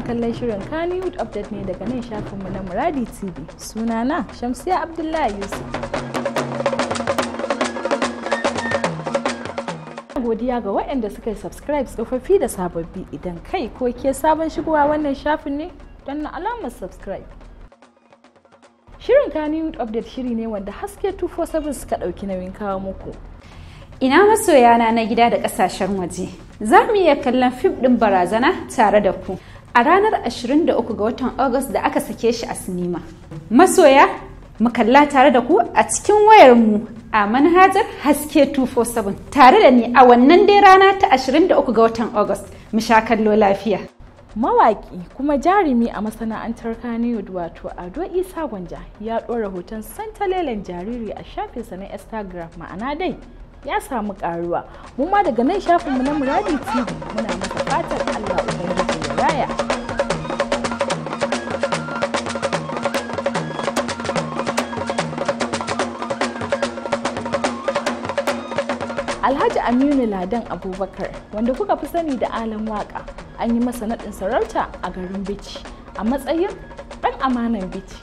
kuna kallon shirin Kannywood Update ne daga nan shafinmu na Muradi TV. Sunana Shamsiya Abdullahi Yusuf. godiya ga waɗanda suka yi subscribe tsofaffi da sababbi idan kai ko ke sabon shigowa wannan shafin ne don na alamar subscribe. Shirin Kannywood Update shiri ne wanda haske 247 suka ɗauki nauyin kawo muku. Ina masoyana na gida da ƙasashen waje. za mu iya kallon fim ɗin barazana tare da ku. a ranar 23 ga watan Agusta da aka sake shi a sinima. Masoya, mu kalla tare da ku a cikin wayar mu a manhajar haske 247 tare da ni a wannan dai rana ta 23 ga watan August, mu sha kallo lafiya. Mawaƙi kuma jarumi a masana'antar Kannywood wato Ado Isa Gwanja ya ɗora hoton santalelen jariri a shafinsa na Instagram ma'ana dai ya samu ƙaruwa mu ma daga nan shafinmu na muradi tv muna maka fatar allah ubangiji ya raya Alhaji Aminu Ladan Abubakar wanda kuka fi sani da Alan Waka an yi masa naɗin sarauta a garin Bichi a matsayin ɗan amanan Bichi.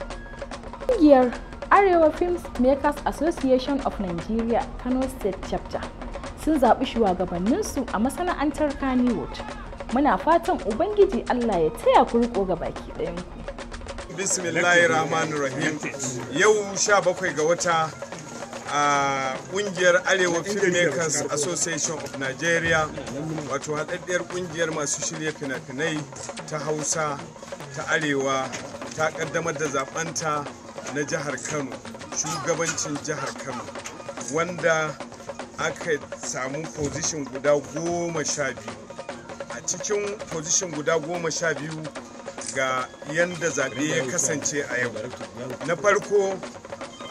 Ƙungiyar Arewa Films Makers Association of Nigeria Kano State Chapter sun zaɓi shugabanninsu a masana'antar Kannywood. Muna fatan Ubangiji Allah ya taya ku riƙo ga baki ɗayanku. Bismillahirrahmanirrahim. Yau 17 ga wata a kungiyar arewa filmmakers association of nigeria wato haɗaɗɗiyar kungiyar masu shirya fina-finai ta hausa ta arewa ta ƙaddamar da zabanta na jihar kano shugabancin jihar kano wanda aka samu position guda goma sha biyu a cikin position guda goma sha biyu ga yadda zaɓe ya kasance a yau na farko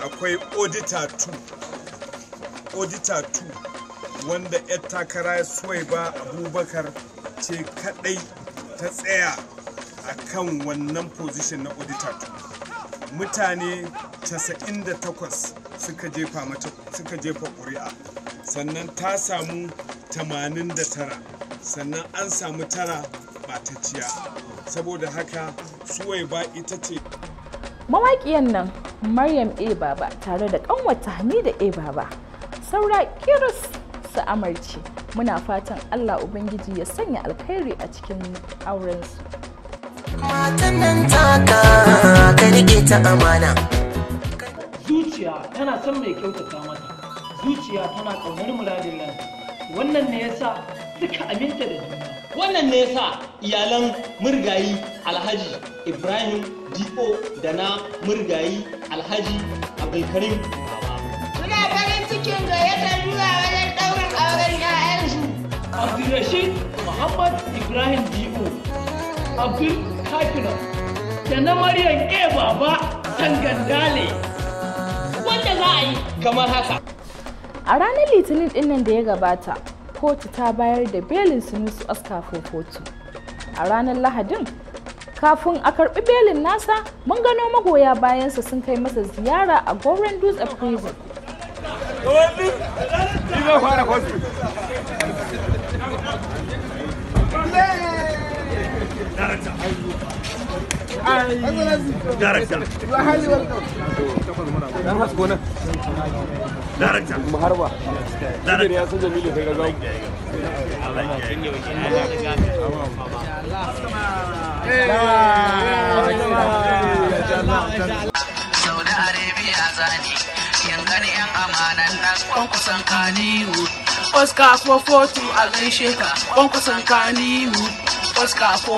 akwai auditor 2 auditor 2 wanda 'yan takara suwaiba abubakar ce kadai ta tsaya a kan wannan position na auditor 2 mutane 98 suka jefa suka jefa ƙuri'a sannan ta samu 89 sannan an samu tara ba ta ciya saboda haka suwaiba ita ce mawaƙiyan nan Maryam A Baba tare da ƙanwata Hamida A Baba. Saura kiris su amarci. Muna fatan Allah Ubangiji ya sanya alkhairi a cikin aurensu. Matan nan taka ka rike ta amana. Zuciya tana son mai kyautata mata. Zuciya tana ƙaunar muradin nan. Wannan ne yasa duka aminta da juna. Wannan ne yasa iyalan murgayi Alhaji Ibrahim Diko da na murgayi alhaji abdulkarim baba muna farin cikin gayyatar zuwa wajen ɗaurin auren ya'yansu. abdulrashid muhammad ibrahim do abdul kafila da na maryam a baba tangandale wanda za a yi kamar haka a ranar litinin dinnan da ya gabata kotu ta bayar da belin sunusu oscar kotu a ranar lahadin kafin a karbi belin nasa mun gano magoya bayansa sun kai masa ziyara a goren dutse prison Director. You are highly welcome. Director. zani yankari yan amanan nan kwan kusan kaniwu Oscar 442 a gaishe ka kwan kusan kaniwu fuska ko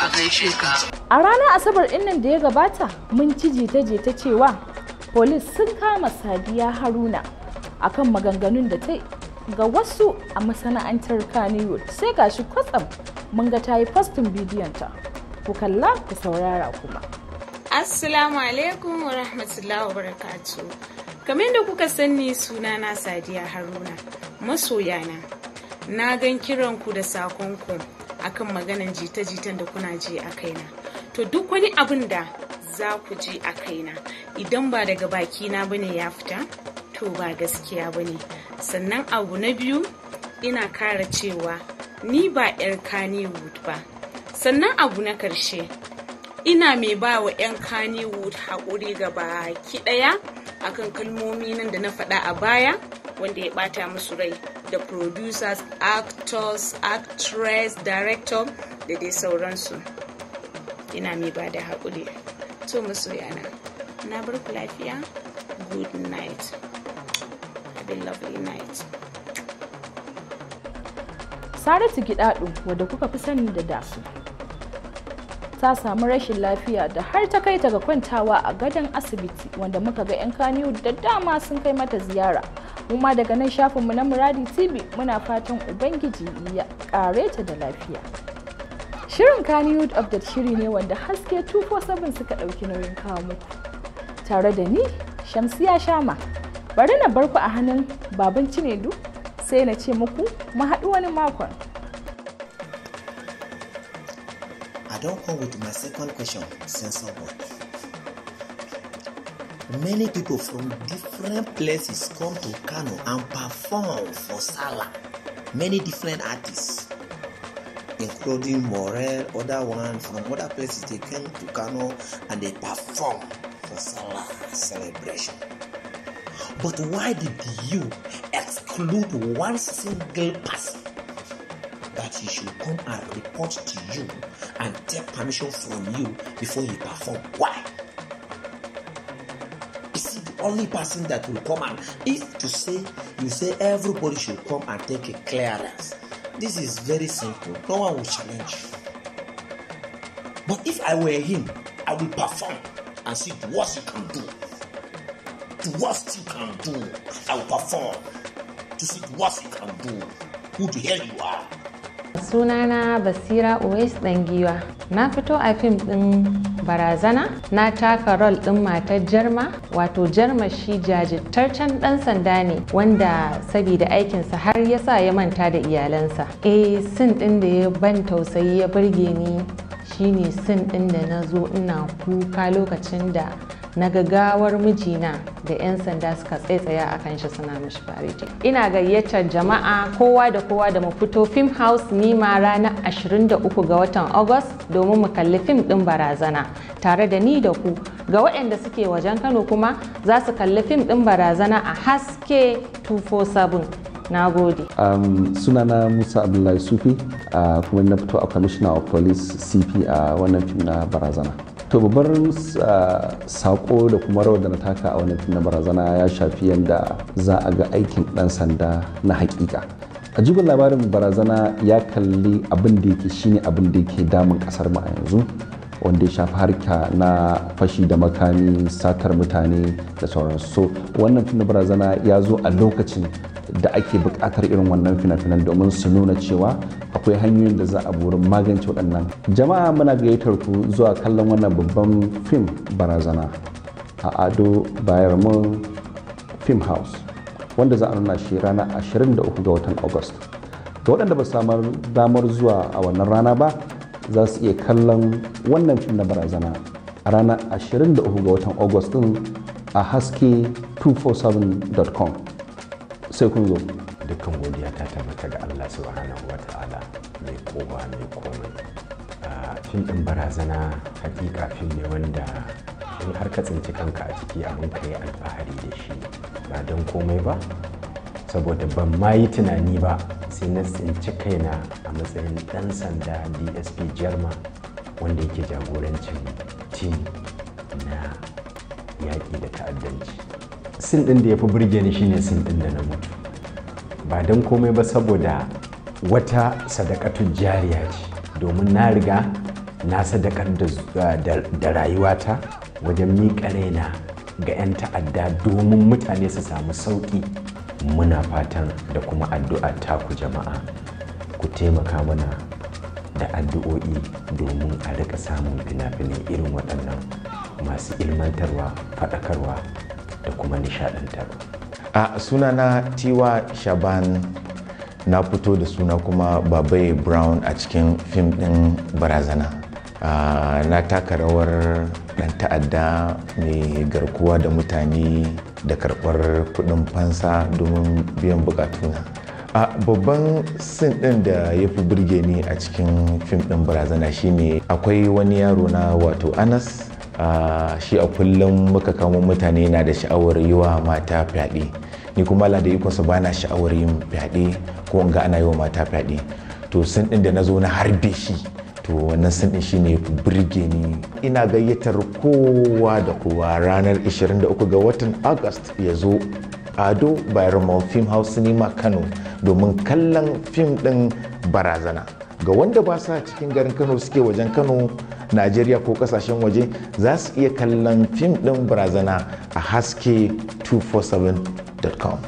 a gaishe ka. A ranar Asabar ɗinnan da ya gabata mun ci jita-jita cewa polis sun kama Sadiya Haruna akan maganganun da ta ga wasu a masana'antar kaniwood sai gashi kwatsam mun ga ta yi fastin bidiyonta. Ku kalla ku saurara kuma. Assalamu alaikum wa rahmatullahi wa barakatu. Kamar da kuka sani sunana Sadiya Haruna, masoyana. Na gan kiranku da sakonku. akan maganan jita-jitan da kuna ji a kaina to duk wani abin da za ku ji a kaina idan ba daga bakina bane ya fita to ba gaskiya bane sannan abu na biyu ina kara cewa ni ba 'yar kaniwood ba sannan abu na karshe ina mai ba wa 'yan kaniwood haƙuri ga baki ɗaya akan kalmomi nan da na faɗa a baya wanda ya ɓata musu rai da producers actors actress director da dai sauransu ina mai ba da haƙuri to masoyana na bar lafiya good night have a lovely night saratu gidadu wadda kuka fi sani da dasu ta samu rashin lafiya da har ta kai ta ga kwantawa a gadon asibiti wanda muka ga 'yan kaniyu da dama sun kai mata ziyara mu ma daga nan shafinmu na muradi tv muna fatan ubangiji ya kare ta da lafiya shirin youth update shiri ne wanda haske 247 suka ɗauki nauyin kawo muku tare da ni shamsiya shama bari na barku a hannun baban cinedu sai na ce muku mu haɗu wani makon I don't come with my second question since someone. many people from different places come to Kano and perform for Salah. Many different artists, including Morel, other ones from other places, they came to Kano and they perform for Salah celebration. But why did you exclude one single person that he should come and report to you and take permission from you before he perform? Why? only person that will come and if to say you say everybody should come and take a clearance this is very simple no one will challenge you but if i were him i will perform and see the worst you can do the worst you can do i will perform to see the worst you can do who the hell you are sunana basira uwais dangiwa na fito a fim ɗin barazana na taka rol ɗin matar jarma wato jarma shi jajirtaccen ɗan sanda ne wanda sabida aikinsa har ya sa ya manta da iyalansa eh sin ɗin da ya ban tausayi ya burge ni shine sin ɗin da na zo ina kuka lokacin da na gagawar mijina da 'yan sanda suka tsaye a kan shi suna mishi fariji ina gayyatar jama'a kowa da kowa da mu fito film house nima ranar 23 ga watan august domin mu kalli fim din barazana tare da ni da ku ga waɗanda suke wajen kano kuma za su kalli fim din barazana a haske 247 na gode. Um, sunana musa abdullahi sufi kuma na fito a commissioner of police cp a wannan fim na barazana to babbar ah, sako da kuma rawar da na taka a wani na barazana ya shafi yadda za a ga aikin ɗan sanda na hakika a jibin labarin barazana ya kalli abin da yake shine abin da yake damun ƙasar mu a yanzu wanda ya shafi harka na fashi da makami satar mutane da sauransu so wannan fina barazana ya zo a lokacin da ake buƙatar irin wannan fina-finan domin su nuna cewa akwai hanyoyin da za a burin magance waɗannan jama'a muna gayyatar ku zuwa kallon wannan babban fim barazana a ado bayar mun film house wanda za a nuna shi ranar 23 ga watan august ga waɗanda ba samar damar zuwa a wannan rana ba za su iya kallon wannan fim na barazana a ranar 23 ga watan august din a haske 247.com sai kun zo dukkan godiya ta tabbata ga Allah subhanahu wa ta'ala mai kowa mai komai fim ɗin barazana hakika fim ne wanda in har ka tsinci kanka a ciki abin ka yi alfahari da shi ba don komai ba saboda ban ma yi tunani ba sai na tsinci kaina a matsayin ɗan sanda dsp jerma wanda yake jagorancin tim na yaƙi da ta'addanci sin ɗin da ya fi burge ni shine sin ɗin da na mutu ba don komai ba saboda wata sadakatun jariya ce domin na riga na sadakar da rayuwata wajen miƙa raina ga 'yan ta'adda domin mutane su samu sauƙi muna fatan da kuma addu'a ta ku jama'a ku taimaka mana da addu'o'i domin a rika samun fina-finai irin waɗannan masu ilmantarwa faɗakarwa da kuma nishaɗantarwa a sunana tiwa shaban na fito da suna kuma babai brown a cikin fim din barazana na taka rawar dan ta'adda mai garkuwa da mutane da karbar kudin fansa domin biyan bukatuna a babban sin din da ya fi burge ni a cikin fim din barazana shine akwai wani yaro na wato anas shi a kullum muka kamo mutane na da sha'awar yi wa mata fyaɗe ni kuma la da ikonsa ba na sha'awar yin fyaɗe ko ga ana yi wa mata fyaɗe to sun ɗin da na zo na harbe shi to wannan sun ɗin shi shine birge ni ina gayyatar kowa da kowa ranar 23 ga watan august ya zo ado bayramal film house cinema kano domin kallon fim ɗin barazana ga wanda ba sa cikin garin kano suke wajen kano najeriya ko kasashen waje za su iya kallon fim ɗin barazana a haske247.com